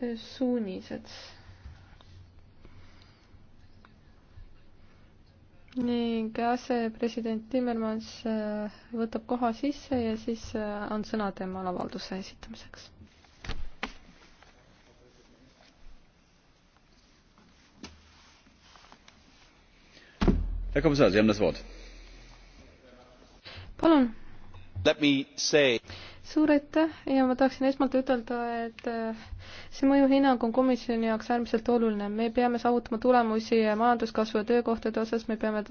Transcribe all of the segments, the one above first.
Äh, suunised. ning asepresident Timmermans äh, võtab koha sisse ja siis äh, on sõna temal avalduse esitamiseks herr kommissar sie haben das wort. palun! suur aitäh ja ma tahaksin esmalt ütelda, et äh, see mõjuhinnang on komisjoni jaoks äärmiselt oluline. me peame saavutama tulemusi majanduskasvu ja töökohtade osas, me peame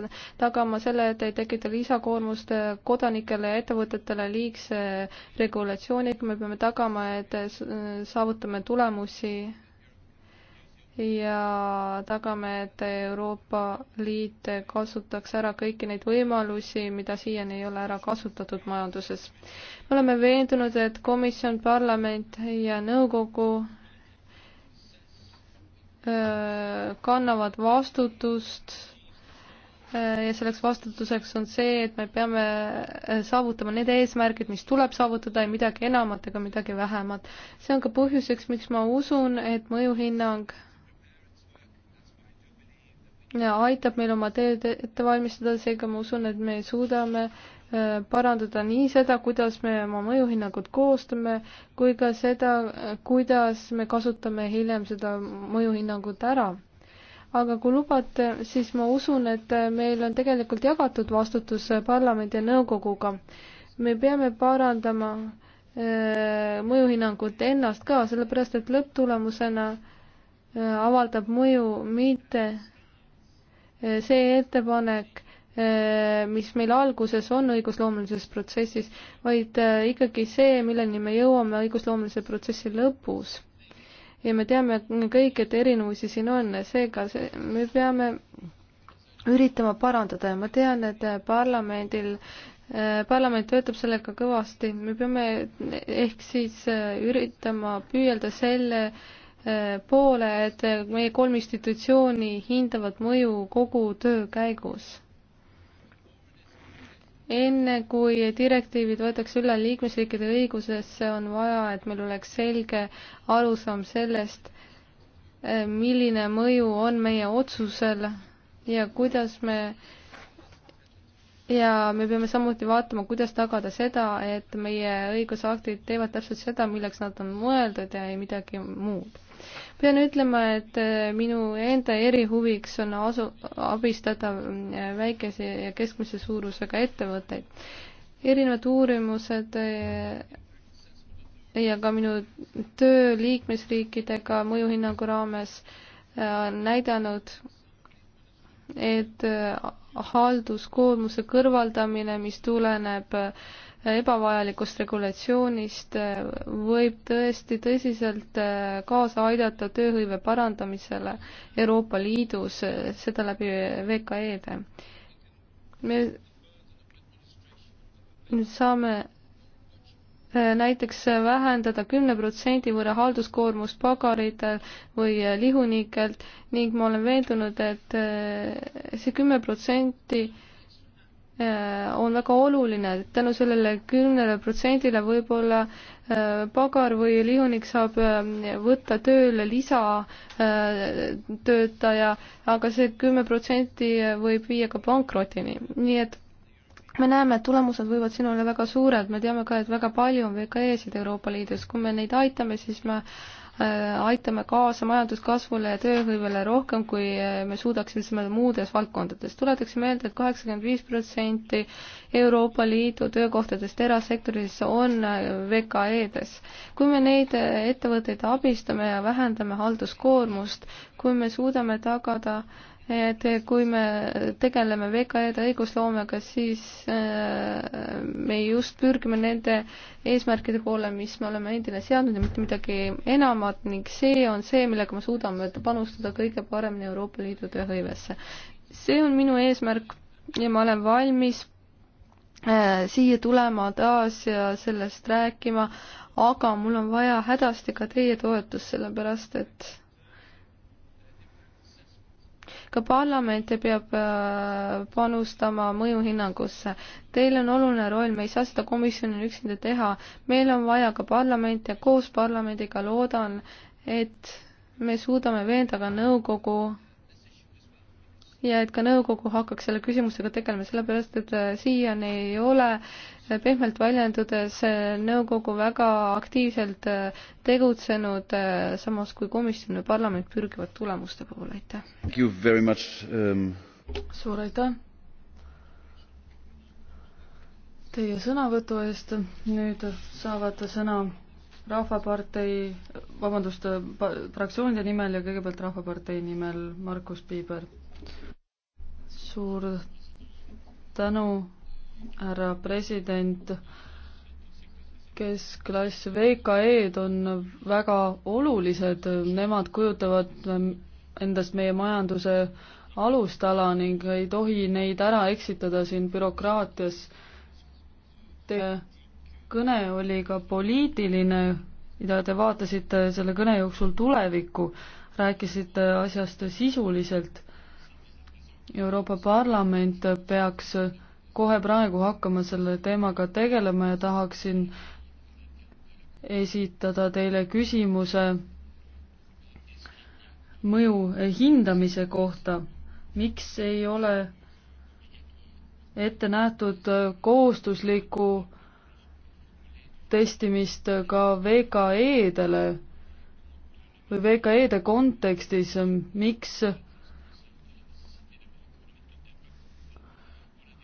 tagama selle, et ei tekita lisakoormust äh, kodanikele ja ettevõtetele liigse regulatsiooniga, me peame tagama, et äh, saavutame tulemusi ja tagame, et Euroopa Liit kasutaks ära kõiki neid võimalusi, mida siiani ei ole ära kasutatud majanduses. me oleme veendunud, et komisjon, parlament ja nõukogu äh, kannavad vastutust äh, ja selleks vastutuseks on see, et me peame äh, saavutama need eesmärgid, mis tuleb saavutada ja midagi enamat ega midagi vähemat. see on ka põhjuseks, miks ma usun, et mõjuhinnang aitab meil oma teed ette valmistada, seega ma usun, et me suudame äh, parandada nii seda, kuidas me oma mõjuhinnangut koostame, kui ka seda, kuidas me kasutame hiljem seda mõjuhinnangut ära. aga kui lubate, siis ma usun, et äh, meil on tegelikult jagatud vastutus äh, parlamendi ja nõukoguga. me peame parandama mõjuhinnangut ennast ka, sellepärast et lõpptulemusena avaldab mõju mitte Äh, see ettepanek, äh, mis meil alguses on õigusloomelises protsessis, vaid äh, ikkagi see, milleni me jõuame õigusloomelise protsessi lõpus. ja me teame kõik, et erinevusi siin on, seega see, me peame üritama parandada ja ma tean, et parlamendil parlament töötab sellega kõvasti, me peame ehk siis üritama püüelda selle äh, Äh, poole, et äh, meie kolm institutsiooni hindavad mõju kogu töö käigus. enne kui direktiivid võetakse üle liikmesriikide õigusesse, on vaja, et meil oleks selge arusaam sellest, äh, milline mõju on meie otsusel ja kuidas me ja me peame samuti vaatama, kuidas tagada seda, et meie õigusaktid teevad täpselt seda, milleks nad on mõeldud ja ei midagi muud pean ütlema, et äh, minu enda erihuviks on asu, abistada äh, väikese ja keskmise suurusega ettevõtteid. erinevad uurimused äh, ja ka minu töö liikmesriikidega mõjuhinnangu raames on näidanud, et halduskoormuse kõrvaldamine, mis tuleneb ebavajalikust regulatsioonist eh, võib tõesti tõsiselt eh, kaasa aidata tööhõive parandamisele Euroopa Liidus, eh, seda läbi VKE-de. me nüüd saame näiteks vähendada kümne protsendi võrra halduskoormust pagaritel või lihuniikelt ning ma olen veendunud, et see kümme protsenti Äh, on väga oluline, et tänu sellele kümnele protsendile võib-olla äh, pagar või lihunik saab äh, võtta tööle lisatöötaja, aga see kümme protsenti võib viia ka pankrotini, nii et me näeme, et tulemused võivad siin olla väga suured, me teame ka, et väga palju on VKE-sid Euroopa Liidus, kui me neid aitame, siis me Äh, aitame kaasa majanduskasvule ja tööhõivele rohkem, kui äh, me suudaksime seda muudes valdkondades. tuletaksin meelde et, et kaheksakümmend viis protsenti Euroopa Liidu töökohtadest erasektoris on äh, VKE-des. kui me neid ettevõtteid abistame ja vähendame halduskoormust, kui me suudame tagada, et kui me tegeleme VKE-de õigusloomega, siis äh, me just pürgime nende eesmärkide poole, mis me oleme endile seadnud ja mitte midagi enamat ning see on see, millega me suudame panustada kõige paremini Euroopa Liidu tööhõivesse. see on minu eesmärk ja ma olen valmis äh, siia tulema taas ja sellest rääkima, aga mul on vaja hädasti ka teie toetust, sellepärast et ka parlament peab äh, panustama mõjuhinnangusse. Teil on oluline roll, me ei saa seda komisjonil üksinda teha, meil on vaja ka parlamenti ja koos parlamendiga loodan, et me suudame veenda ka nõukogu ja et ka nõukogu hakkaks selle küsimusega tegelema, sellepärast et äh, siiani ei ole äh, pehmelt väljendudes eh, nõukogu väga aktiivselt eh, tegutsenud, eh, samas kui komisjon ja parlament pürgivad tulemuste poole, aitäh! Um, suur aitäh teie sõnavõtu eest, nüüd saavad sõna Rahvapartei, vabandust, fraktsioonide nimel ja kõigepealt Rahvapartei nimel Markus Piiber. suur tänu, härra president. keskklass VKE-d on väga olulised, nemad kujutavad endast meie majanduse alustala ning ei tohi neid ära eksitada siin bürokraatias. Teie kõne oli ka poliitiline, mida te vaatasite selle kõne jooksul tulevikku, rääkisite asjast sisuliselt. Euroopa Parlament peaks kohe praegu hakkama selle teemaga tegelema ja tahaksin esitada teile küsimuse mõju hindamise kohta. miks ei ole ette nähtud kohustuslikku testimist ka VKE-dele või VKE-de kontekstis, miks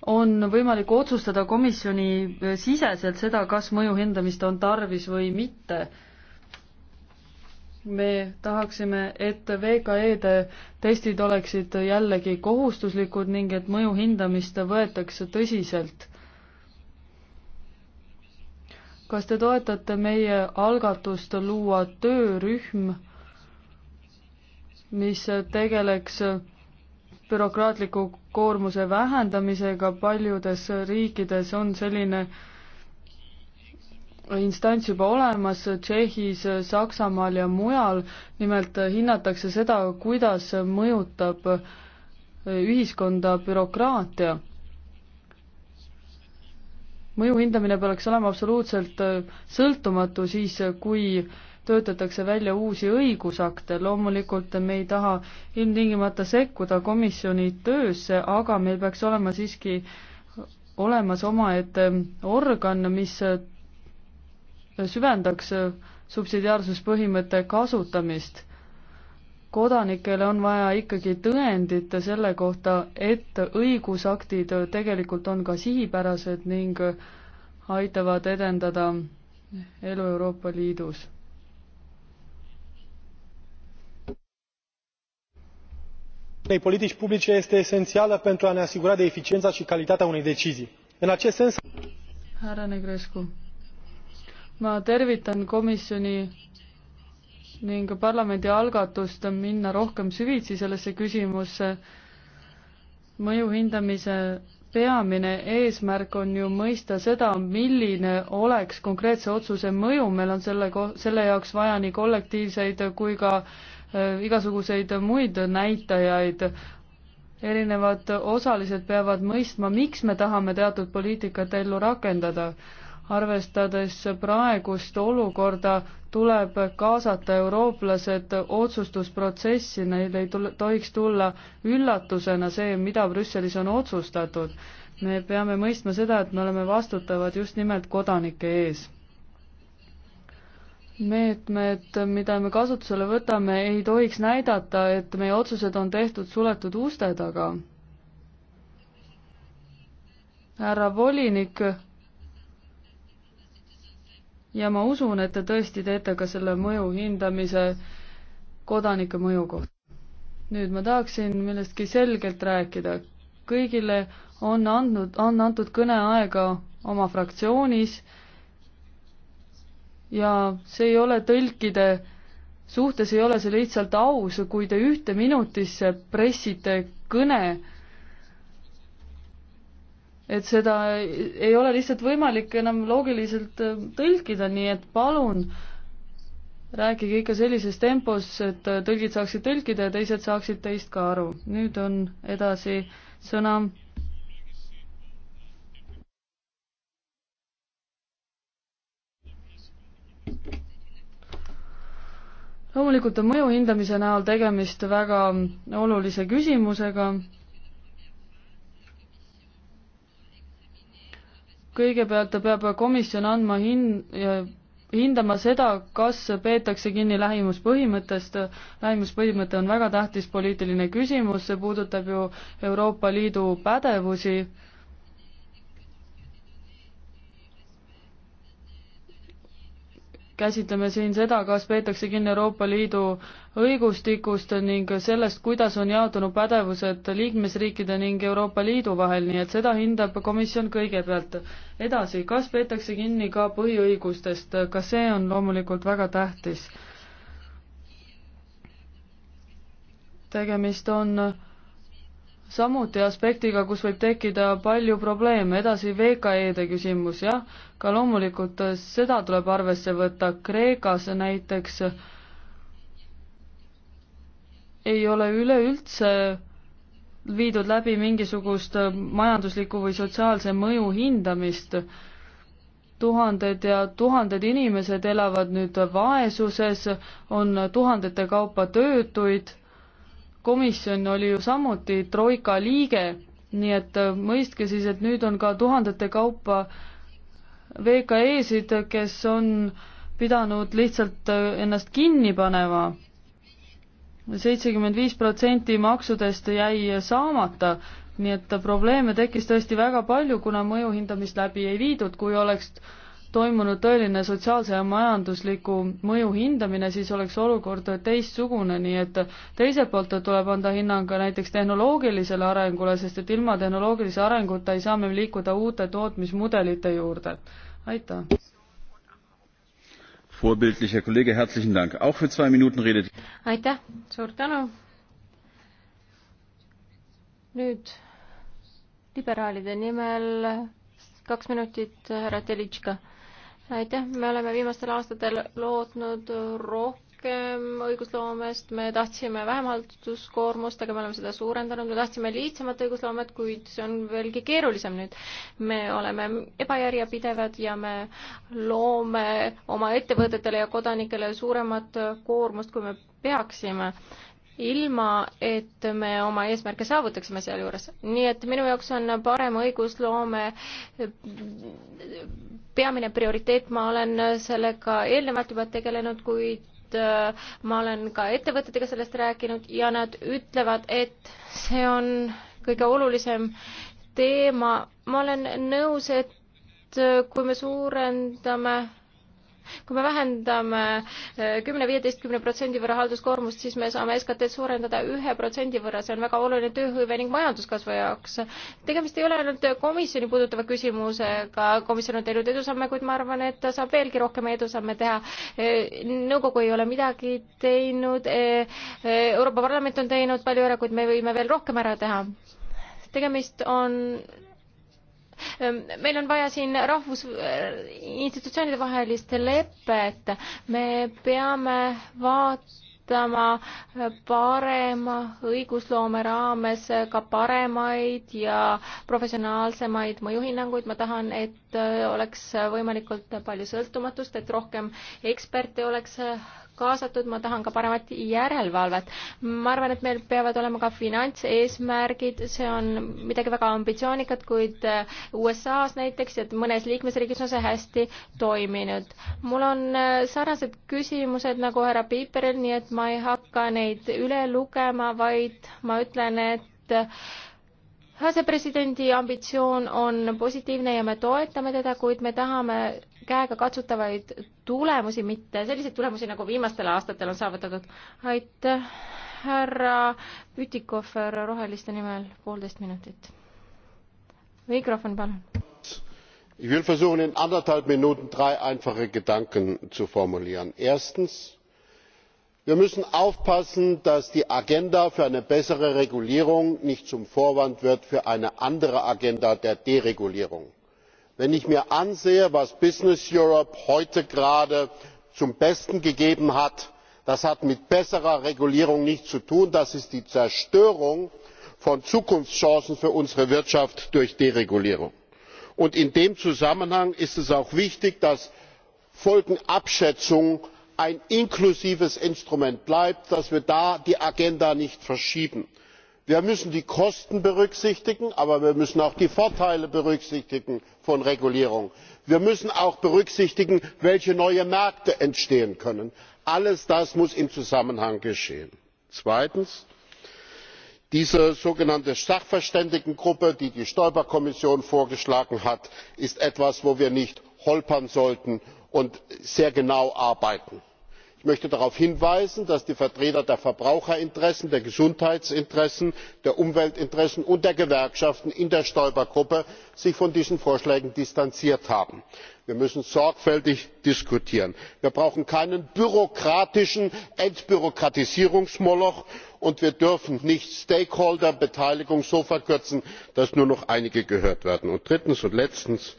on võimalik otsustada komisjoni eh, siseselt seda, kas mõju hindamist on tarvis või mitte. me tahaksime, et VKE-de testid oleksid jällegi kohustuslikud ning et mõju hindamist võetakse tõsiselt. kas te toetate meie algatust luua töörühm, mis tegeleks bürokraatliku koormuse vähendamisega paljudes riikides on selline instants juba olemas Tšehhis, Saksamaal ja mujal. nimelt hinnatakse seda, kuidas mõjutab ühiskonda bürokraatia. mõju hindamine peaks olema absoluutselt sõltumatu siis, kui töötatakse välja uusi õigusakte, loomulikult me ei taha ilmtingimata sekkuda komisjoni töösse, aga meil peaks olema siiski olemas omaette organ, mis süvendaks subsidiaarsuspõhimõtte kasutamist. kodanikele on vaja ikkagi tõendit selle kohta, et õigusaktid tegelikult on ka sihipärased ning aitavad edendada elu Euroopa Liidus unei politici publice este esențială pentru a ne asigura de eficiența și calitatea unei decizii. în acest sens. härra negrescu ma tervitan komisjoni ning parlamendi algatust minna rohkem süvitsi sellesse küsimusse. mõju hindamise peamine eesmärk on ju mõista seda, milline oleks konkreetse otsuse mõju, meil on selle, selle jaoks vaja nii kollektiivseid kui ka Äh, igasuguseid muid näitajaid. erinevad osalised peavad mõistma, miks me tahame teatud poliitikat ellu rakendada. arvestades praegust olukorda, tuleb kaasata eurooplased otsustusprotsessi, neil ei tule, tohiks tulla üllatusena see, mida Brüsselis on otsustatud. me peame mõistma seda, et me oleme vastutavad just nimelt kodanike ees meetmed, mida me kasutusele võtame, ei tohiks näidata, et meie otsused on tehtud suletud uste taga. härra volinik, ja ma usun, et te tõesti teete ka selle mõju hindamise kodanike mõju kohta. nüüd ma tahaksin millestki selgelt rääkida. kõigile on andnud, on antud kõneaega oma fraktsioonis ja see ei ole tõlkide suhtes, ei ole see lihtsalt aus, kui te ühte minutisse pressite kõne, et seda ei ole lihtsalt võimalik enam loogiliselt äh, tõlkida, nii et palun rääkige ikka sellises tempos, et äh, tõlgid saaksid tõlkida ja teised saaksid teist ka aru. nüüd on edasi sõna loomulikult on mõju hindamise näol tegemist väga olulise küsimusega. kõigepealt peab komisjon andma hin-, hindama seda, kas peetakse kinni lähimuspõhimõttest. lähimuspõhimõte on väga tähtis poliitiline küsimus, see puudutab ju Euroopa Liidu pädevusi käsitleme siin seda, kas peetakse kinni Euroopa Liidu õigustikust ning sellest, kuidas on jaotunud pädevused liikmesriikide ning Euroopa Liidu vahel, nii et seda hindab komisjon kõigepealt. edasi, kas peetakse kinni ka põhiõigustest, ka see on loomulikult väga tähtis. tegemist on samuti aspektiga, kus võib tekkida palju probleeme, edasi VKE-de küsimus, jah, ka loomulikult äh, seda tuleb arvesse võtta, Kreekas näiteks ei ole üleüldse viidud läbi mingisugust äh, majanduslikku või sotsiaalse mõju hindamist, tuhanded ja tuhanded inimesed elavad nüüd vaesuses, on tuhandete kaupa töötuid komisjon oli ju samuti troika liige, nii et äh, mõistke siis, et nüüd on ka tuhandete kaupa VKE-sid, kes on pidanud lihtsalt äh, ennast kinni panema. seitsekümmend viis protsenti maksudest jäi saamata, nii et probleeme tekkis tõesti väga palju, kuna mõju hindamist läbi ei viidud, kui oleks äh, toimunud tõeline sotsiaalse ja majandusliku mõju hindamine, siis oleks olukord teistsugune, nii et teiselt poolt tuleb anda hinnang ka näiteks tehnoloogilisele arengule, sest et ilma tehnoloogilise arenguta ei saa me liikuda uute tootmismudelite juurde. aitäh! aitäh, suur tänu! nüüd liberaalide nimel kaks minutit, härra Telitška aitäh, me oleme viimastel aastatel lootnud rohkem õigusloomest, me tahtsime vähem halduskoormust, aga me oleme seda suurendanud, me tahtsime lihtsamat õigusloomet, kuid see on veelgi keerulisem nüüd. me oleme ebajärjepidevad ja me loome oma ettevõtetele ja kodanikele suuremat koormust, kui me peaksime ilma, et me oma eesmärke saavutaksime sealjuures. nii et minu jaoks on parem õigusloome peamine prioriteet, ma olen sellega eelnevalt juba tegelenud, kuid äh, ma olen ka ettevõtetega sellest rääkinud ja nad ütlevad, et see on kõige olulisem teema. ma olen nõus, et äh, kui me suurendame kui me vähendame eh, kümne, viieteistkümne protsendi võrra halduskoormust, siis me saame SKT-d suurendada ühe protsendi võrra, see on väga oluline tööhõive ning majanduskasvu jaoks. tegemist ei ole ainult komisjoni puudutava küsimusega, komisjon on teinud edusamme, kuid ma arvan, et ta saab veelgi rohkem edusamme teha. Eh, nõukogu ei ole midagi teinud, eh, Euroopa Parlament on teinud palju ära, kuid me võime veel rohkem ära teha tegemist on Ehm, meil on vaja siin rahvus, äh, institutsioonide vahelist lepet, me peame vaatama äh, parema õigusloome raames äh, ka paremaid ja professionaalsemaid mõjuhinnanguid, ma tahan, et oleks võimalikult palju sõltumatust, et rohkem eksperte oleks kaasatud, ma tahan ka paremat järelevalvet. ma arvan, et meil peavad olema ka finantseesmärgid, see on midagi väga ambitsioonikat, kuid äh, USA-s näiteks, et mõnes liikmesriigis on see hästi toiminud. mul on äh, sarnased küsimused nagu härra Piiperil, nii et ma ei hakka neid üle lugema, vaid ma ütlen, et asepresidendi ambitsioon on positiivne ja me toetame teda, kuid me tahame käegakatsutavaid tulemusi, mitte selliseid tulemusi, nagu viimastel aastatel on saavutatud. aitäh, härra Pütikofer Roheliste nimel, poolteist minutit. mikrofon, palun. Ich will versuchen, in anderthalb Minuten drei einfache Gedanken zu formulieren. Erstens wir müssen aufpassen dass die agenda für eine bessere regulierung nicht zum vorwand wird für eine andere agenda der deregulierung. wenn ich mir ansehe was business europe heute gerade zum besten gegeben hat das hat mit besserer regulierung nichts zu tun das ist die zerstörung von zukunftschancen für unsere wirtschaft durch deregulierung. in dem zusammenhang ist es auch wichtig dass folgenabschätzungen ein inklusives instrument bleibt dass wir da die agenda nicht verschieben. wir müssen die kosten berücksichtigen aber wir müssen auch die vorteile von regulierung berücksichtigen. wir müssen auch berücksichtigen welche neuen märkte entstehen können. alles das muss im zusammenhang geschehen. zweitens diese sogenannte sachverständigengruppe die die stoiber kommission vorgeschlagen hat ist etwas wo wir nicht holpern sollten und sehr genau arbeiten ich möchte darauf hinweisen dass die vertreter der verbraucherinteressen der gesundheitsinteressen der umweltinteressen und der gewerkschaften in der stoiber gruppe sich von diesen vorschlägen distanziert haben. wir müssen sorgfältig diskutieren. wir brauchen keinen bürokratischen entbürokratisierungsmoloch und wir dürfen nicht stakeholder beteiligung so verkürzen dass nur noch einige gehört werden. drittens und letztens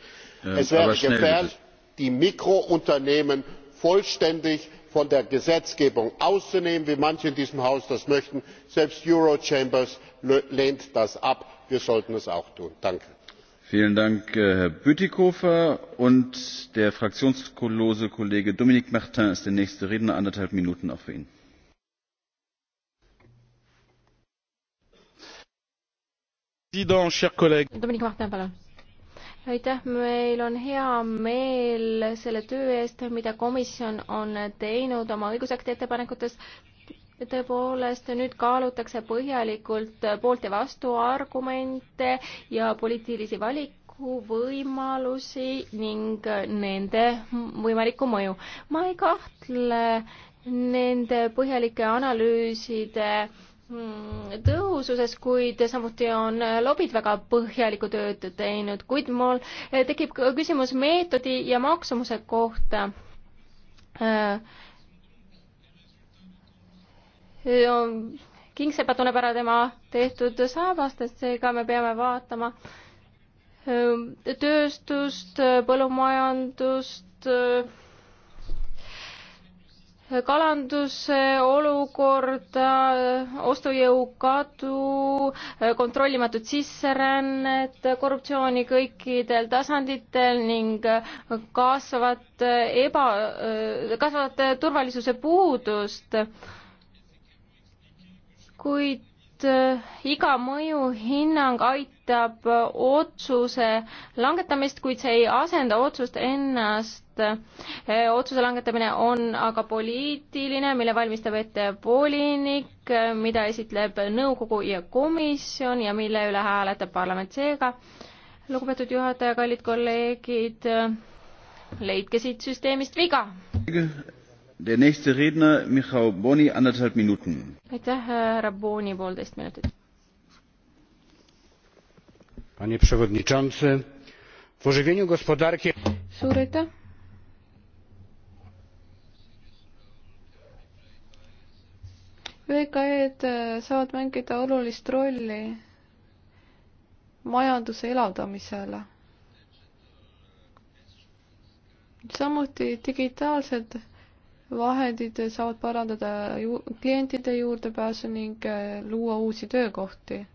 es wäre gefährlich die mikrounternehmen vollständig von der gesetzgebung auszunehmen wie manche in diesem haus das möchten. selbst eurochambers lehnt das ab. wir sollten es auch tun. Äh, herr bütikofer und der fraktionslose kollege dominique martin ist der nächste redner eineinhalb minuten auch für ihn. dominique martin palun aitäh, meil on hea meel selle töö eest, mida komisjon on teinud oma õigusakti ettepanekutes. tõepoolest, nüüd kaalutakse põhjalikult poolt ja vastu argumente ja poliitilisi valikuid võimalusi ning nende võimalikku mõju. ma ei kahtle nende põhjalike analüüside äh, Mm, tõhususes, kuid samuti on lobid väga põhjalikku tööd teinud, kuid mul eh, tekib küsimus meetodi ja maksumuse kohta. Eh, eh, kingsepa tunneb ära tema tehtud saabastest, seega me peame vaatama tööstust, põllumajandust, kalanduse olukorda, ostujõu kadu, kontrollimatut sisserännet, korruptsiooni kõikidel tasanditel ning kasvavat eba, kasvavat turvalisuse puudust. kuid äh, iga mõjuhinnang aitab toetab otsuse langetamist, kuid see ei asenda otsust ennast. otsuse langetamine on aga poliitiline, mille valmistab ette volinik, mida esitleb nõukogu ja komisjon ja mille üle hääletab parlament. seega, lugupeetud juhataja, kallid kolleegid, leidke siit süsteemist viga. Der nächste Redner, Michal Boni, anderthalb Minuten. aitäh, härra Boni, poolteist minutit panie przewodniczący! w ożywieniu gospodarki. suur aitäh! VKE-d e, saavad mängida olulist rolli majanduse elavdamisel. samuti digitaalsed vahendid saavad parandada ju klientide juurdepääsu ning e, luua uusi töökohti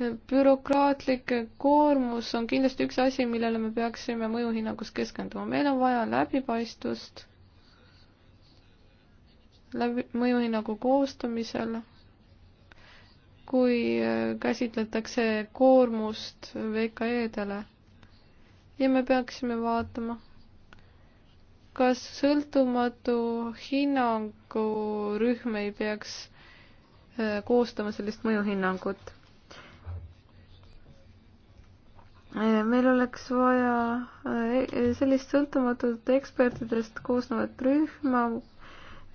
bürokraatlik koormus on kindlasti üks asi, millele me peaksime mõjuhinnangus keskenduma. meil on vaja läbipaistvust läbi, mõjuhinnangu koostamisel, kui äh, käsitletakse koormust VKE-dele. ja me peaksime vaatama, kas sõltumatu hinnangurühm ei peaks äh, koostama sellist mõjuhinnangut Äh, meil oleks vaja äh, sellist sõltumatut ekspertidest koosnevat rühma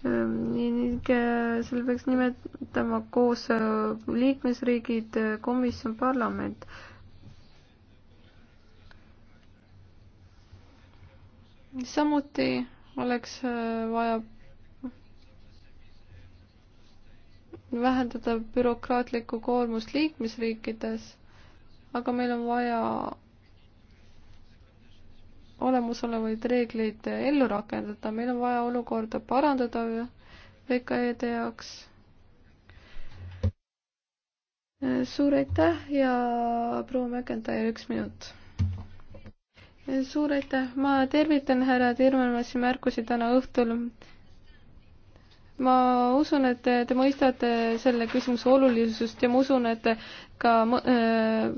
ähm, ning äh, selle peaks nimetama koos liikmesriigid, komisjon, parlament. samuti oleks vaja vähendada bürokraatlikku koormust liikmesriikides aga meil on vaja olemasolevaid reegleid ellu rakendada, meil on vaja olukorda parandada VKE-de jaoks. suur aitäh ja proua Mäkendaja, üks minut. suur aitäh, ma tervitan härra Tirmanmassi märkusi täna õhtul ma usun, et te mõistate selle küsimuse olulisust ja ma usun, et ka äh,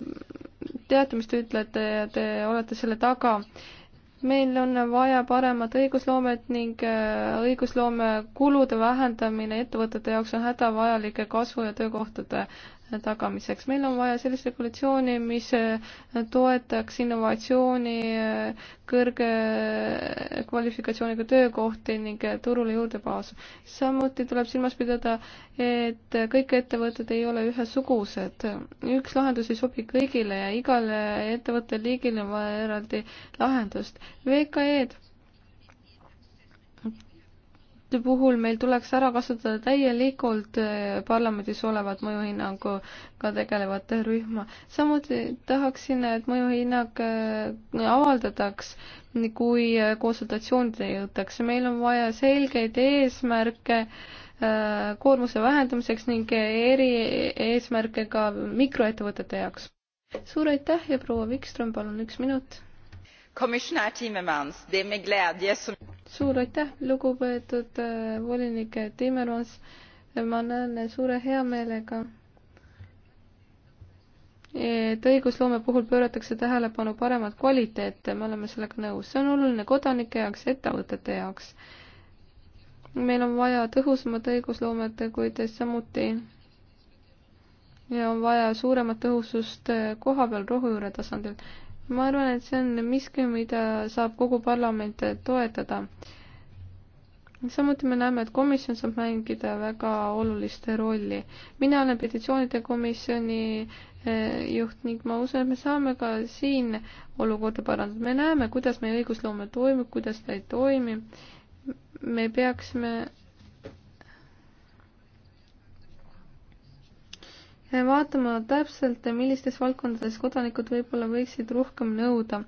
teate, mis te ütlete ja te olete selle taga. meil on vaja paremat õigusloomet ning äh, õigusloome kulude vähendamine ettevõtete jaoks on hädavajalik kasvu ja töökohtade tagamiseks. meil on vaja sellist regulatsiooni, mis toetaks innovatsiooni, kõrge kvalifikatsiooniga töökohti ning turule juurdepääsu. samuti tuleb silmas pidada, et kõik ettevõtted ei ole ühesugused. üks lahendus ei sobi kõigile ja igale ettevõtte liigile on vaja eraldi lahendust. VKE-d puhul meil tuleks ära kasutada täielikult eh, parlamendis olevat mõjuhinnanguga tegelevate rühma. samuti tahaksin, et mõjuhinnang eh, avaldataks, kui eh, konsultatsioonideni jõutakse. meil on vaja selgeid eesmärke koormuse vähendamiseks ning eri eesmärke ka mikroettevõtete jaoks. suur aitäh ja proua Vikström, palun üks minut suur aitäh, lugupeetud äh, volinik Timmermans. ma näen suure heameelega, et õigusloome puhul pööratakse tähelepanu paremat kvaliteete, me oleme sellega nõus, see on oluline kodanike jaoks, ettevõtete jaoks. meil on vaja tõhusamat õigusloomet, kuid samuti ja on vaja suuremat tõhusust kohapeal rohujuure tasandil ma arvan, et see on miski, mida saab kogu parlament toetada. samuti me näeme, et komisjon saab mängida väga olulist rolli. mina olen petitsioonide komisjoni eh, juht ning ma usun, et me saame ka siin olukorda parandada. me näeme, kuidas meie õigusloome toimub, kuidas ta ei toimi. me peaksime vaatama täpselt, millistes valdkondades kodanikud võib-olla võiksid rohkem nõuda.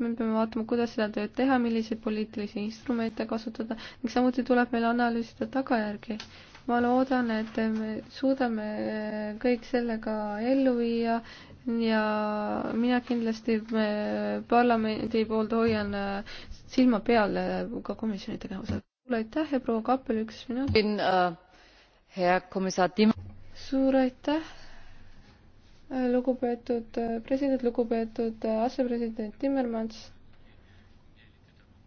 me peame vaatama, kuidas seda tööd teha, milliseid poliitilisi instrumente kasutada ning samuti tuleb meil analüüsida tagajärgi. ma loodan, et me suudame äh, kõik sellega ellu viia ja mina kindlasti äh, parlamendi poolt hoian äh, silma peal ka komisjoni tegevusel. suur aitäh ja proua Kappel, üks minut. suur aitäh lugupeetud äh, president, lugupeetud äh, asepresident Timmermans.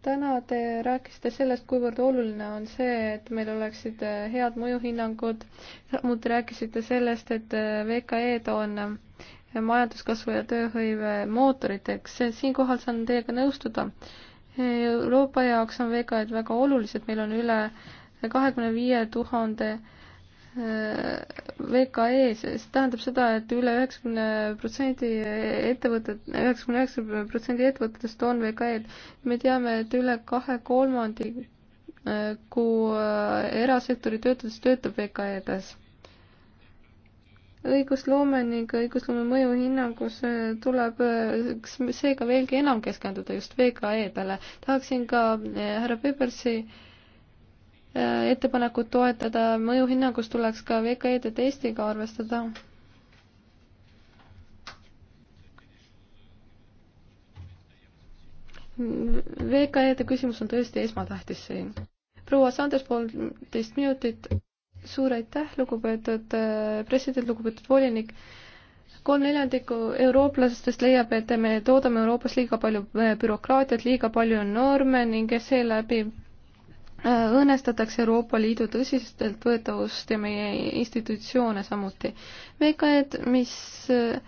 täna te rääkisite sellest, kuivõrd oluline on see, et meil oleksid äh, head mõjuhinnangud. samuti rääkisite sellest, et VKE-d on majanduskasvu ja tööhõive mootoriteks. siinkohal saan teiega nõustuda. Euroopa jaoks on VKE-d väga olulised, meil on üle kahekümne viie tuhande 000 Äh, VKE-s, see tähendab seda, et üle üheksakümne protsendi ettevõtet, üheksakümne üheksa protsendi ettevõtetest on VKE-d. me teame, et üle kahe kolmandiku äh, erasektori töötajatest töötab VKE-des. õigusloome ning õigusloome mõjuhinnangus äh, tuleb seega veelgi enam keskenduda just VKE-dele. tahaksin ka härra Pepersi äh, Äh, ettepanekut toetada, mõjuhinnangus tuleks ka VKE-de testiga arvestada. VKE-de küsimus on tõesti esmatähtis siin. proua Sanders, poolteist minutit, suur aitäh, lugupeetud äh, president, lugupeetud volinik kolm neljandikku eurooplastest leiab, et me toodame Euroopas liiga palju äh, bürokraatiat, liiga palju norme ning seeläbi Äh, õõnestatakse Euroopa Liidu tõsiseltvõetavust ja meie institutsioone samuti. VKE-d, mis äh,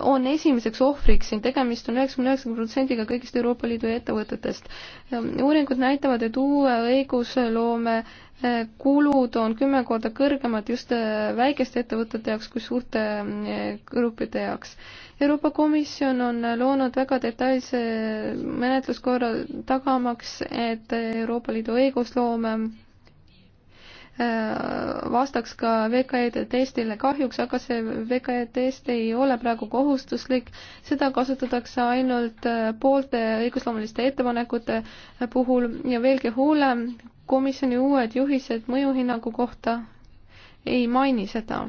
on esimeseks ohvriks siin, tegemist on üheksakümne üheksa protsendiga kõigist Euroopa Liidu ettevõtetest. Ähm, uuringud näitavad, et uue õigusloome äh, kulud on kümme korda kõrgemad just äh, väikeste ettevõtete jaoks kui suurte äh, gruppide jaoks. Euroopa Komisjon on loonud väga detailse menetluskorra tagamaks, et Euroopa Liidu õigusloome Äh, vastaks ka VKE testile kahjuks, aga see VKE test ei ole praegu kohustuslik, seda kasutatakse ainult äh, poolte õigusloomuliste ettepanekute äh, puhul ja veelgi hullem, komisjoni uued juhised mõjuhinnangu kohta ei maini seda.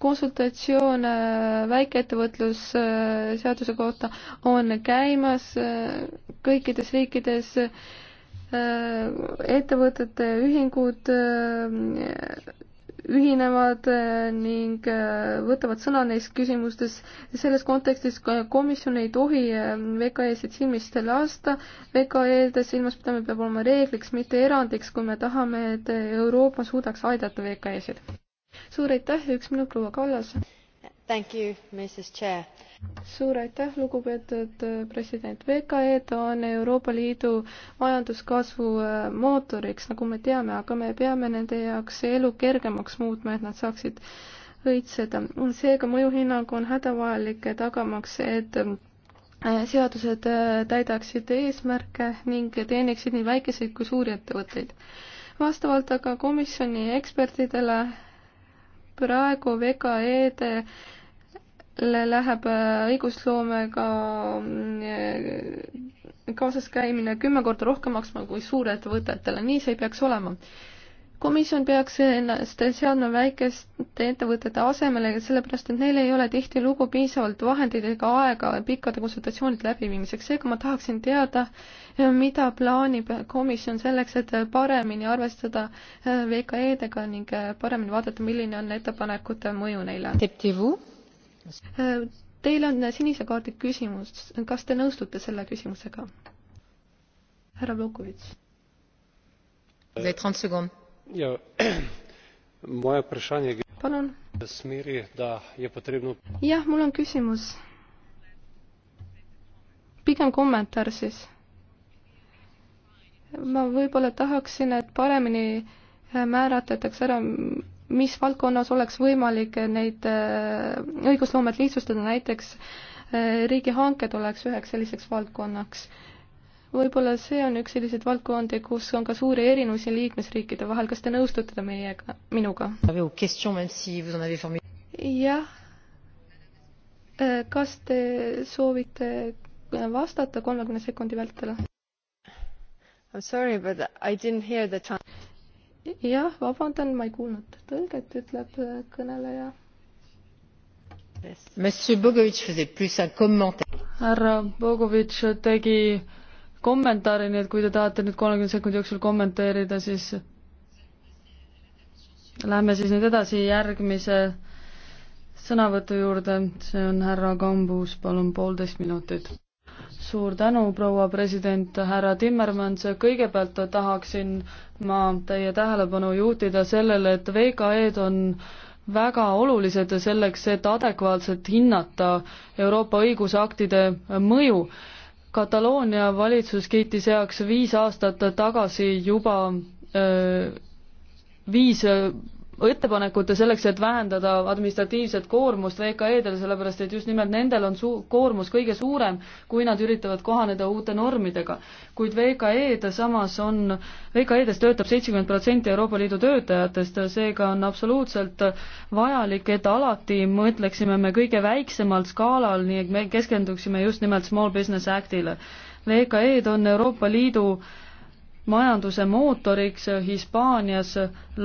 konsultatsioon väikeettevõtlusseaduse kohta on käimas kõikides riikides Äh, ettevõtete ühingud äh, ühinevad äh, ning võtavad sõna neis küsimustes. selles kontekstis komisjon ei tohi VKE-sid silmist lasta. VKE-de silmas pidama peab olema reegliks, mitte erandiks, kui me tahame, et Euroopa suudaks aidata VKE-sid. suur aitäh, üks minut, proua Kallas. Thank you, Mrs Chair suur aitäh, lugupeetud äh, president. VKE-d on Euroopa Liidu majanduskasvu äh, mootoriks, nagu me teame, aga me peame nende jaoks elu kergemaks muutma, et nad saaksid õitseda. seega mõjuhinnang on hädavajalik, tagamaks, et äh, seadused täidaksid eesmärke ning teeniksid nii väikeseid kui suuri ettevõtteid. vastavalt aga komisjoni ekspertidele praegu VKE-de läheb äh, õigusloomega mm, kaasas käimine kümme korda rohkem maksma kui suurettevõtetele, nii see ei peaks olema. komisjon peaks ennast seadma väikeste ettevõtete asemele, sellepärast et neil ei ole tihtilugu piisavalt vahendeid ega aega pikkade konsultatsioonide läbiviimiseks, seega ma tahaksin teada, mida plaanib komisjon selleks, et paremini arvestada äh, VKE-dega ning äh, paremini vaadata, milline on ettepanekute mõju neile. Teil on sinise kaardi küsimus, kas te nõustute selle küsimusega? härra Lukovitš. palun. jah, mul on küsimus. pigem kommentaar siis. ma võib-olla tahaksin, et paremini äh, määratletakse ära mis valdkonnas oleks võimalik neid äh, õigusloomet lihtsustada, näiteks äh, riigihanked oleks üheks selliseks valdkonnaks. võib-olla see on üks selliseid valdkondi, kus on ka suuri erinevusi liikmesriikide vahel, kas te nõustute meiega, minuga? jah. Äh, kas te soovite vastata kolmekümne sekundi vältel? I am sorry but I didn't hear the time jah, vabandan, ma ei kuulnud tõlget, ütleb äh, kõneleja. härra Bogovitš tegi kommentaari, nii et kui te tahate nüüd kolmekümne sekundi jooksul kommenteerida, siis lähme siis nüüd edasi järgmise sõnavõtu juurde, see on härra Kambus, palun poolteist minutit suur tänu, proua president, härra Timmermans, kõigepealt tahaksin ma teie tähelepanu juhtida sellele, et VKE-d on väga olulised selleks, et adekvaatselt hinnata Euroopa õigusaktide mõju. Kataloonia valitsus kiitis heaks viis aastat tagasi juba öö, viis ettepanekute selleks, et vähendada administratiivset koormust VKE-del, sellepärast et just nimelt nendel on suu-, koormus kõige suurem, kui nad üritavad kohaneda uute normidega. kuid VKE-d samas on, VKE-des töötab seitsekümmend protsenti Euroopa Liidu töötajatest, seega on absoluutselt vajalik, et alati mõtleksime me kõige väiksemal skaalal, nii et me keskenduksime just nimelt Small Business Actile. VKE-d on Euroopa Liidu äh, majanduse mootoriks Hispaanias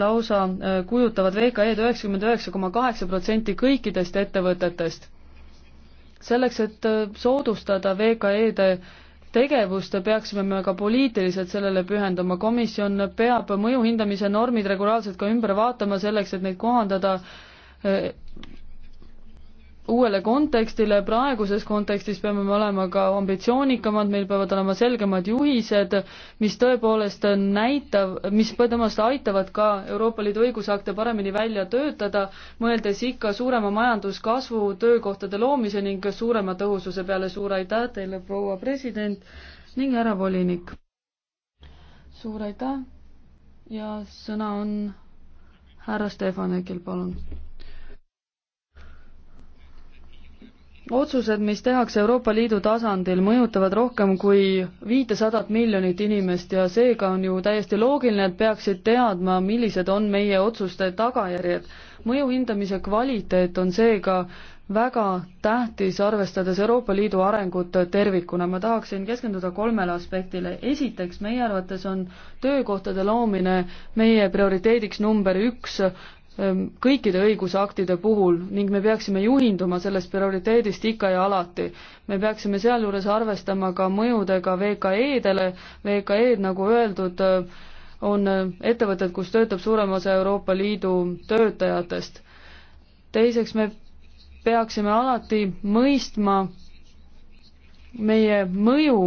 lausa äh, kujutavad VKE-d üheksakümmend üheksa koma kaheksa protsenti kõikidest ettevõtetest. selleks, et äh, soodustada VKE-de tegevust, peaksime me ka poliitiliselt sellele pühenduma. komisjon peab mõjuhindamise normid regulaarselt ka ümber vaatama selleks, et neid kohandada äh, uuele kontekstile, praeguses kontekstis peame me olema ka ambitsioonikamad, meil peavad olema selgemad juhised, mis tõepoolest näitav, mis tõepoolest aitavad ka Euroopa Liidu õigusakte paremini välja töötada, mõeldes ikka suurema majanduskasvu, töökohtade loomise ning suurema tõhususe peale. suur aitäh teile, proua president ning härra volinik! suur aitäh ja sõna on härra Stefanekil, palun! otsused, mis tehakse Euroopa Liidu tasandil, mõjutavad rohkem kui viitesadat miljonit inimest ja seega on ju täiesti loogiline, et peaksid teadma, millised on meie otsuste tagajärjed. mõju hindamise kvaliteet on seega väga tähtis, arvestades Euroopa Liidu arengut tervikuna. ma tahaksin keskenduda kolmele aspektile. esiteks, meie arvates on töökohtade loomine meie prioriteediks number üks Ehm, kõikide õigusaktide puhul ning me peaksime juhinduma sellest prioriteedist ikka ja alati. me peaksime sealjuures arvestama ka mõjudega VKE-dele, VKE-d, nagu öeldud, ehm, on ehm, ettevõtted, kus töötab suurem osa Euroopa Liidu töötajatest. teiseks, me peaksime alati mõistma meie mõju,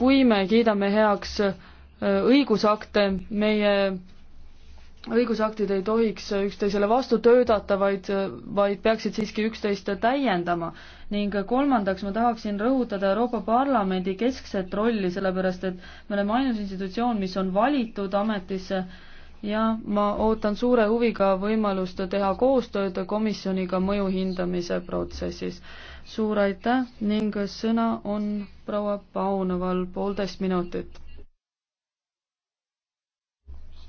kui me kiidame heaks õigusakte meie õigusaktid ei tohiks üksteisele vastu töötada, vaid, vaid peaksid siiski üksteist täiendama. ning kolmandaks ma tahaksin rõhutada Euroopa Parlamendi keskset rolli, sellepärast et me oleme ainus institutsioon, mis on valitud ametisse ja ma ootan suure huviga võimalust teha koostööd komisjoniga mõju hindamise protsessis. suur aitäh ning sõna on proua Paunoval poolteist minutit.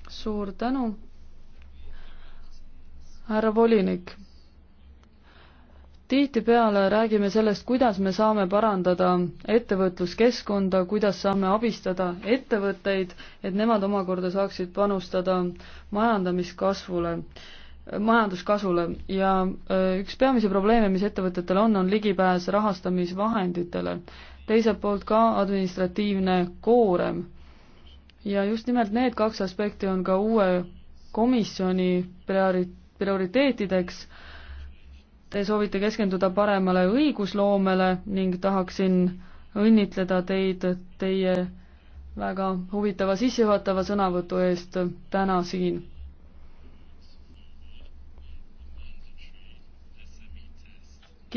suur tänu härra volinik, tihtipeale räägime sellest, kuidas me saame parandada ettevõtluskeskkonda, kuidas saame abistada ettevõtteid, et nemad omakorda saaksid panustada majandamiskasvule majanduskasule ja äh, üks peamisi probleeme, mis ettevõtetel on, on ligipääs rahastamisvahenditele. teiselt poolt ka administratiivne koorem. ja just nimelt need kaks aspekti on ka uue komisjoni priori-, prioriteetideks. Te soovite keskenduda paremale õigusloomele ning tahaksin õnnitleda teid teie väga huvitava sissejuhatava sõnavõtu eest täna siin.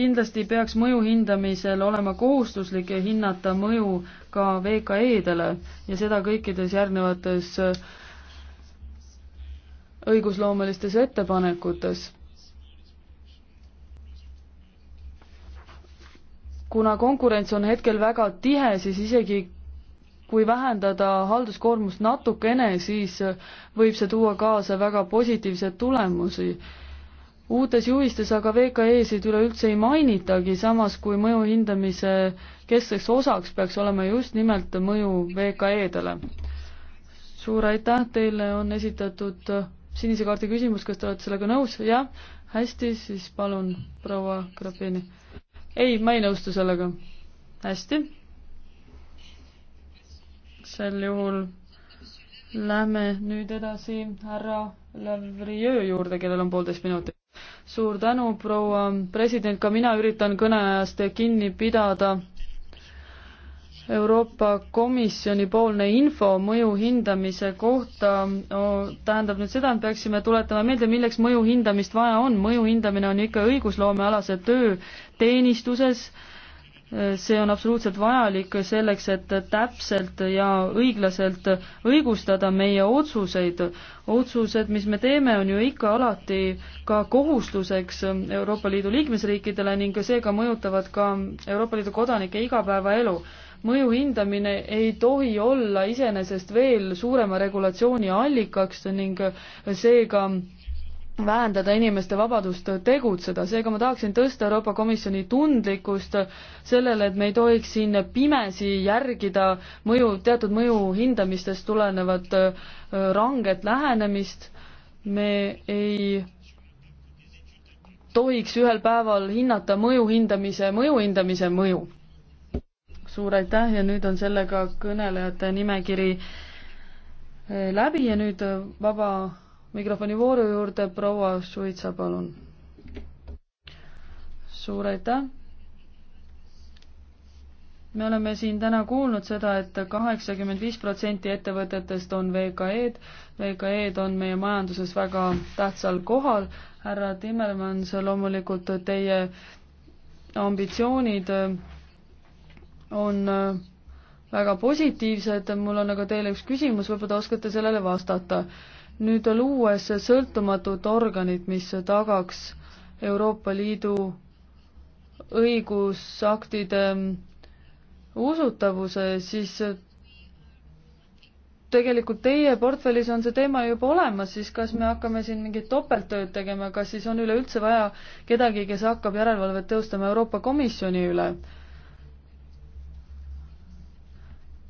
kindlasti peaks mõju hindamisel olema kohustuslik hinnata mõju ka VKE-dele ja seda kõikides järgnevates õigusloomelistes ettepanekutes. kuna konkurents on hetkel väga tihe, siis isegi kui vähendada halduskoormust natukene, siis võib see tuua kaasa väga positiivseid tulemusi uutes juhistes aga VKE-sid üleüldse ei mainitagi, samas kui mõju hindamise keskseks osaks peaks olema just nimelt mõju VKE-dele. suur aitäh, teile on esitatud sinise kaardi küsimus, kas te olete sellega nõus? jah? hästi, siis palun, proua Grafini. ei, ma ei nõustu sellega. hästi. sel juhul lähme nüüd edasi härra Lavrieux juurde, kellel on poolteist minutit. suur tänu, proua president, ka mina üritan kõneajast kinni pidada Euroopa Komisjoni poolne info mõju hindamise kohta no, tähendab nüüd seda, et peaksime tuletama meelde, milleks mõju hindamist vaja on. mõju hindamine on ikka õigusloomealase töö teenistuses. see on absoluutselt vajalik selleks, et täpselt ja õiglaselt õigustada meie otsuseid. otsused, mis me teeme, on ju ikka alati ka kohustuseks Euroopa Liidu liikmesriikidele ning seega mõjutavad ka Euroopa Liidu kodanike igapäevaelu mõju hindamine ei tohi olla iseenesest veel suurema regulatsiooni allikaks ning seega vähendada inimeste vabadust tegutseda, seega ma tahaksin tõsta Euroopa Komisjoni tundlikkust sellele, et me ei tohiks siin pimesi järgida mõju, teatud mõju hindamistest tulenevat äh, ranget lähenemist, me ei tohiks ühel päeval hinnata mõju hindamise mõju hindamise mõju suur aitäh ja nüüd on sellega kõnelejate nimekiri eh, läbi ja nüüd eh, vaba mikrofoni vooru juurde proua Suitsa, palun. suur aitäh. me oleme siin täna kuulnud seda et, et kaheksakümmend viis protsenti ettevõtetest on VKE-d. VKE-d on meie majanduses väga tähtsal kohal. härra Timmermans, loomulikult teie ambitsioonid eh, on äh, väga positiivsed, mul on aga teile üks küsimus, võib-olla te oskate sellele vastata. nüüd luues sõltumatut organit, mis tagaks Euroopa Liidu õigusaktide mm, usutavuse, siis äh, tegelikult teie portfellis on see teema juba olemas, siis kas me hakkame siin mingit topelttööd tegema, kas siis on üleüldse vaja kedagi, kes hakkab järelevalvet teostama Euroopa Komisjoni üle?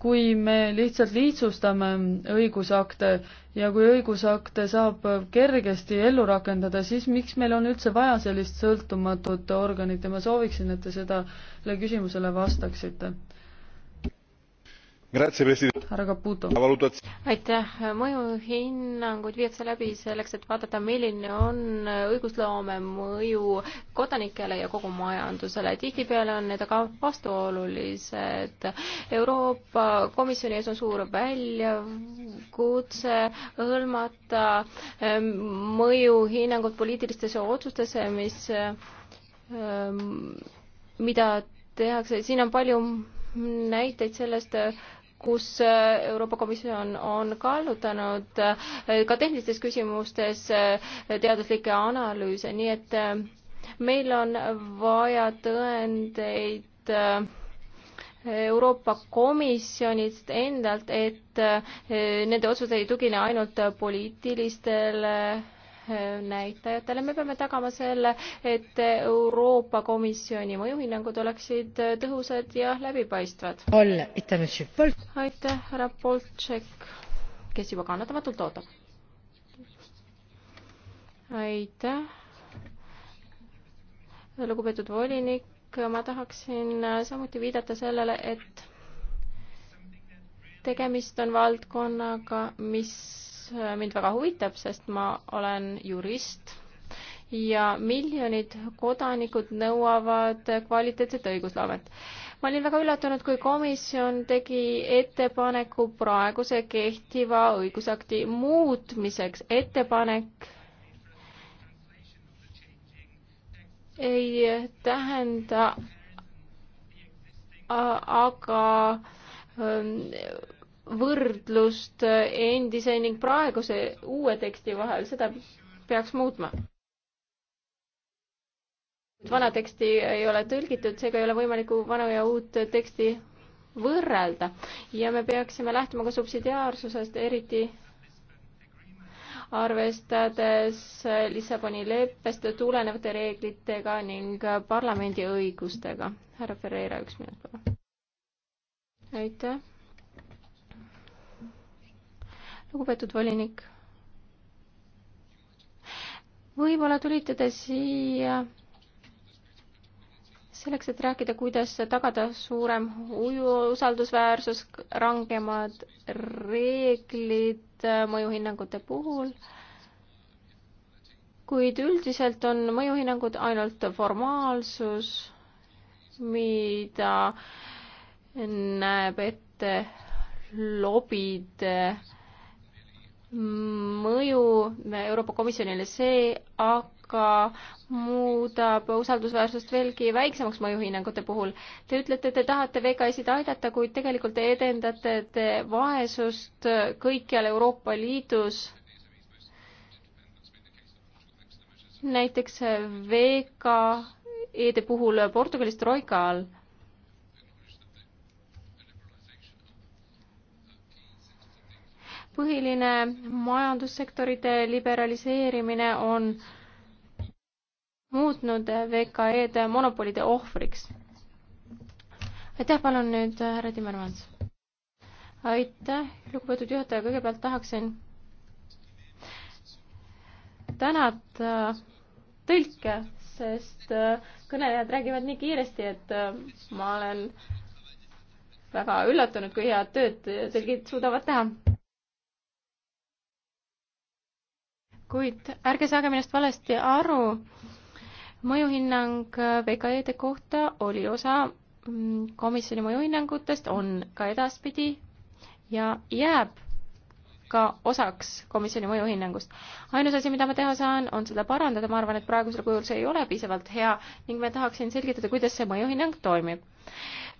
kui me lihtsalt lihtsustame õigusakte ja kui õigusakte saab kergesti ellu rakendada, siis miks meil on üldse vaja sellist sõltumatut organit ja ma sooviksin, et te sellele küsimusele vastaksite härra Caputo. aitäh, mõjuhinnanguid viiakse läbi selleks, et vaadata, milline on õigusloome mõju kodanikele ja kogu majandusele. tihtipeale on need aga vastuolulised. Euroopa Komisjoni ees on suur väljakutse hõlmata ehm, mõjuhinnangut poliitilistesse otsustesse, mis, ehm, mida tehakse, siin on palju näiteid sellest, kus äh, Euroopa Komisjon on kallutanud äh, ka tehnilistes küsimustes äh, teaduslikke analüüse, nii et meil on vaja tõendeid Euroopa Komisjonist endalt, et nende otsused ei tugine ainult poliitilistele näitajatele. me peame tagama selle, et Euroopa Komisjoni mõjuhinnangud oleksid tõhusad ja läbipaistvad. aitäh, härra Boltšek, kes juba kannatamatult ootab. aitäh, lugupeetud volinik, ma tahaksin samuti viidata sellele, et tegemist on valdkonnaga, mis mind väga huvitab, sest ma olen jurist ja miljonid kodanikud nõuavad kvaliteetset õigusloomet. ma olin väga üllatunud, kui komisjon tegi ettepaneku praeguse kehtiva õigusakti muutmiseks. ettepanek ei tähenda aga ähm, võrdlust endise ning praeguse uue teksti vahel, seda peaks muutma. vana teksti ei ole tõlgitud, seega ei ole võimalikku vana ja uut teksti võrrelda ja me peaksime lähtuma ka subsidiaarsusest, eriti arvestades Lissaboni leppest tulenevate reeglitega ning parlamendi õigustega. härra Ferreira, üks minut palun. aitäh lugupeetud volinik. võib-olla tulite te siia selleks, et rääkida, kuidas tagada suurem usaldusväärsus, rangemad reeglid mõjuhinnangute puhul. kuid üldiselt on mõjuhinnangud ainult formaalsus, mida näeb ette lobide mõju Euroopa Komisjonile, see aga muudab usaldusväärsust veelgi väiksemaks mõjuhinnangute puhul. Te ütlete, te tahate VKS-id aidata, kuid tegelikult te edendate te vaesust kõikjal Euroopa Liidus. näiteks VKE-de puhul Portugalis troika all põhiline majandussektorite liberaliseerimine on muutnud VKE-d monopolide ohvriks. aitäh, palun nüüd härra Timmermans. aitäh, lugupeetud juhataja, kõigepealt tahaksin tänada tõlke, sest äh, kõnelejad räägivad nii kiiresti, et äh, ma olen väga üllatunud, kui head tööd tõlgid suudavad teha kuid ärge saage minust valesti aru, mõjuhinnang VKE-de kohta oli osa mm, komisjoni mõjuhinnangutest, on ka edaspidi ja jääb ka osaks komisjoni mõjuhinnangust. ainus asi, mida ma teha saan, on seda parandada, ma arvan, et praegusel kujul see ei ole piisavalt hea ning ma tahaksin selgitada, kuidas see mõjuhinnang toimib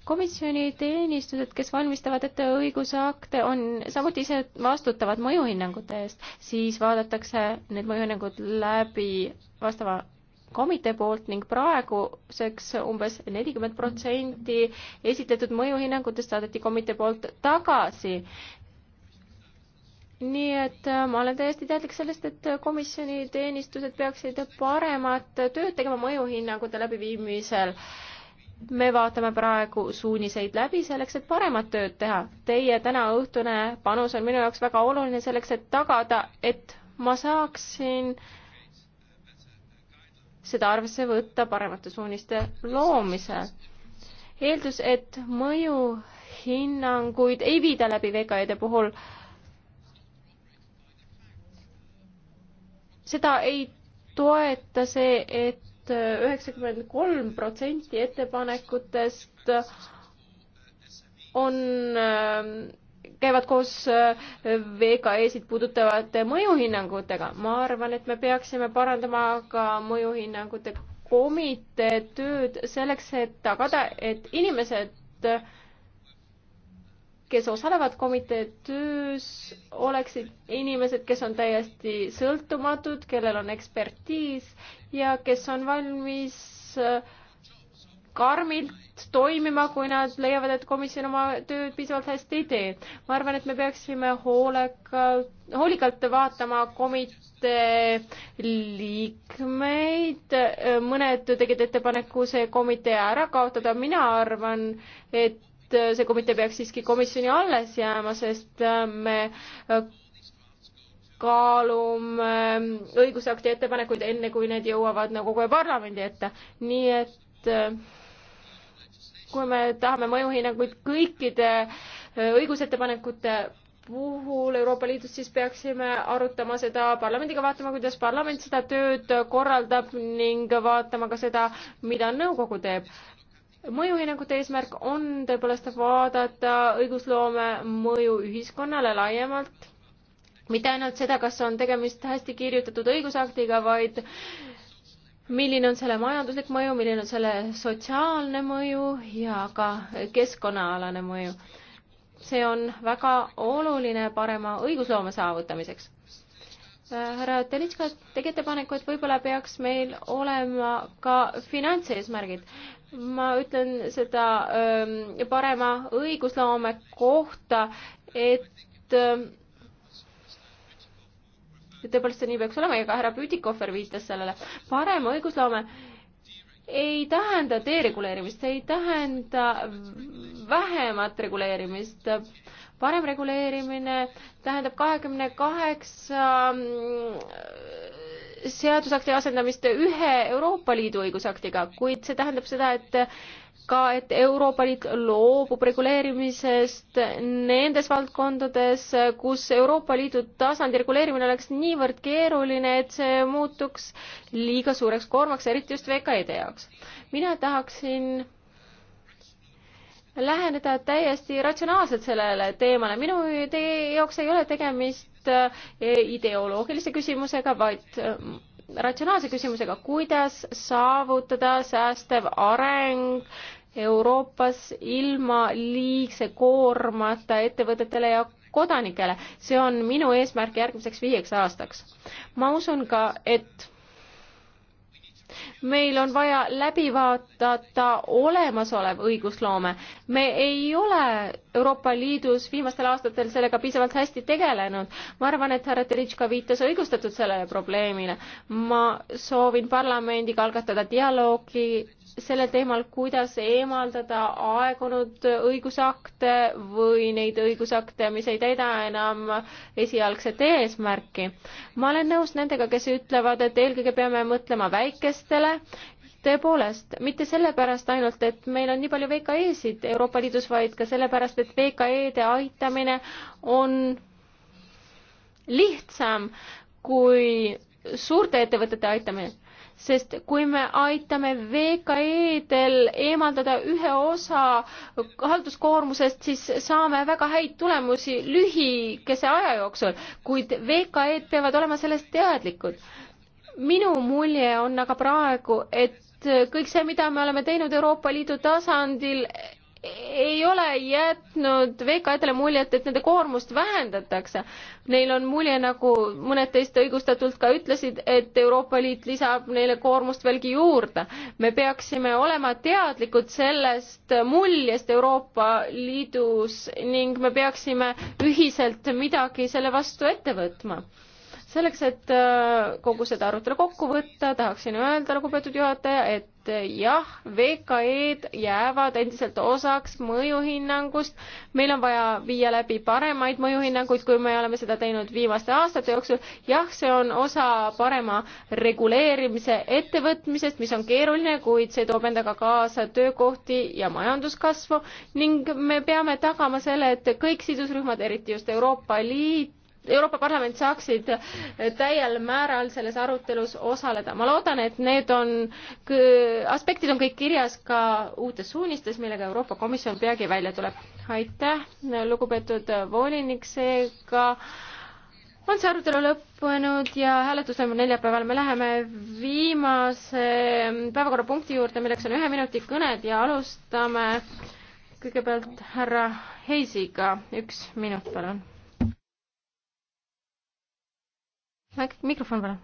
komisjoni teenistused, kes valmistavad ette õigusakte, on samuti ise vastutavad mõjuhinnangute eest, siis vaadatakse need mõjuhinnangud läbi vastava komitee poolt ning praeguseks umbes nelikümmend protsenti esitletud mõjuhinnangutest saadeti komitee poolt tagasi. nii et äh, ma olen täiesti teadlik sellest, et komisjoni teenistused peaksid paremat tööd tegema mõjuhinnangute läbiviimisel me vaatame praegu suuniseid läbi selleks, et paremat tööd teha. Teie tänaõhtune panus on minu jaoks väga oluline selleks, et tagada, et ma saaksin seda arvesse võtta paremate suuniste loomisel. eeldus, et mõjuhinnanguid ei viida läbi VKE-de puhul, seda ei toeta see, et et üheksakümmend kolm protsenti ettepanekutest on, käivad koos VKE-sid puudutavate mõjuhinnangutega. ma arvan, et me peaksime parandama ka mõjuhinnangute komitee tööd selleks, et tagada, et inimesed kes osalevad komitee töös, oleksid inimesed, kes on täiesti sõltumatud, kellel on ekspertiis ja kes on valmis äh, karmilt toimima, kui nad leiavad, et komisjon oma tööd piisavalt hästi ei tee. ma arvan, et me peaksime hoolega, hoolikalt vaatama komitee liikmeid, äh, mõned tegid ettepaneku see komitee ära kaotada, mina arvan, et Äh, see komitee peaks siiski komisjoni alles jääma, sest äh, me äh, kaalume õigusakti ettepanekuid enne, kui need jõuavad nagu kohe parlamendi ette. nii et kui me tahame mõjuhinnanguid kõikide õigusettepanekute puhul Euroopa Liidus, siis peaksime arutama seda parlamendiga, vaatama, kuidas parlament seda tööd korraldab ning vaatama ka seda, mida nõukogu teeb mõjuhinnangute eesmärk on tõepoolest vaadata õigusloome mõju ühiskonnale laiemalt, mitte ainult seda, kas on tegemist hästi kirjutatud õigusaktiga, vaid milline on selle majanduslik mõju, milline on selle sotsiaalne mõju ja ka keskkonnaalane mõju. see on väga oluline parema õigusloome saavutamiseks härra Telitška tegi ettepaneku, et võib-olla peaks meil olema ka finantseesmärgid. ma ütlen seda öö, ähm, parema õigusloome kohta, et ähm, tõepoolest see nii peaks olema ja ka härra Pütikohver viitas sellele. parem õigusloome ei tähenda dereguleerimist, ei tähenda vähemat reguleerimist parem reguleerimine tähendab kahekümne kaheksa mm, seadusakti asendamist ühe Euroopa Liidu õigusaktiga, kuid see tähendab seda, et ka, et Euroopa Liit loobub reguleerimisest nendes valdkondades, kus Euroopa Liidu tasandi reguleerimine oleks niivõrd keeruline, et see muutuks liiga suureks koormaks, eriti just VKE-de jaoks. mina tahaksin läheneda täiesti ratsionaalselt sellele teemale. minu teie jaoks ei ole tegemist eh, ideoloogilise küsimusega, vaid eh, ratsionaalse küsimusega, kuidas saavutada säästev areng Euroopas ilma liigse koormata ettevõtetele ja kodanikele. see on minu eesmärk järgmiseks viieks aastaks. ma usun ka, et meil on vaja läbi vaadata olemasolev õigusloome. me ei ole Euroopa Liidus viimastel aastatel sellega piisavalt hästi tegelenud. ma arvan, et härra Teritška viitas õigustatud sellele probleemile. ma soovin parlamendiga algatada dialoogi sellel teemal, kuidas eemaldada aegunud õigusakte või neid õigusakte, mis ei täida enam esialgset eesmärki. ma olen nõus nendega, kes ütlevad, et eelkõige peame mõtlema väikestele tõepoolest, mitte sellepärast ainult, et meil on nii palju VKE-sid Euroopa Liidus, vaid ka sellepärast, et VKE-de aitamine on lihtsam kui suurte ettevõtete aitamine sest kui me aitame VKE-del eemaldada ühe osa halduskoormusest, siis saame väga häid tulemusi lühikese aja jooksul, kuid VKE-d peavad olema sellest teadlikud. minu mulje on aga praegu, et kõik see, mida me oleme teinud Euroopa Liidu tasandil, ei ole jätnud VKE-dele muljet, et nende koormust vähendatakse. Neil on mulje, nagu mõned teist õigustatult ka ütlesid, et Euroopa Liit lisab neile koormust veelgi juurde. me peaksime olema teadlikud sellest muljest Euroopa Liidus ning me peaksime ühiselt midagi selle vastu ette võtma selleks, et äh, kogu seda arutelu kokku võtta, tahaksin öelda, lugupeetud juhataja, et äh, jah, VKE-d jäävad endiselt osaks mõjuhinnangust. meil on vaja viia läbi paremaid mõjuhinnanguid, kui me oleme seda teinud viimaste aastate jooksul. jah, see on osa parema reguleerimise ettevõtmisest, mis on keeruline, kuid see toob endaga kaasa töökohti ja majanduskasvu ning me peame tagama selle, et kõik sidusrühmad, eriti just Euroopa Liit, Euroopa Parlament saaksid täiel määral selles arutelus osaleda. ma loodan, et need on, aspektid on kõik kirjas ka uutes suunistes, millega Euroopa Komisjon peagi välja tuleb. aitäh, lugupeetud volinik, seega on see arutelu lõppenud ja hääletus toimub neljapäeval. me läheme viimase päevakorrapunkti juurde, milleks on ühe minuti kõned ja alustame kõigepealt härra Heisiga. üks minut, palun mikrofon palun.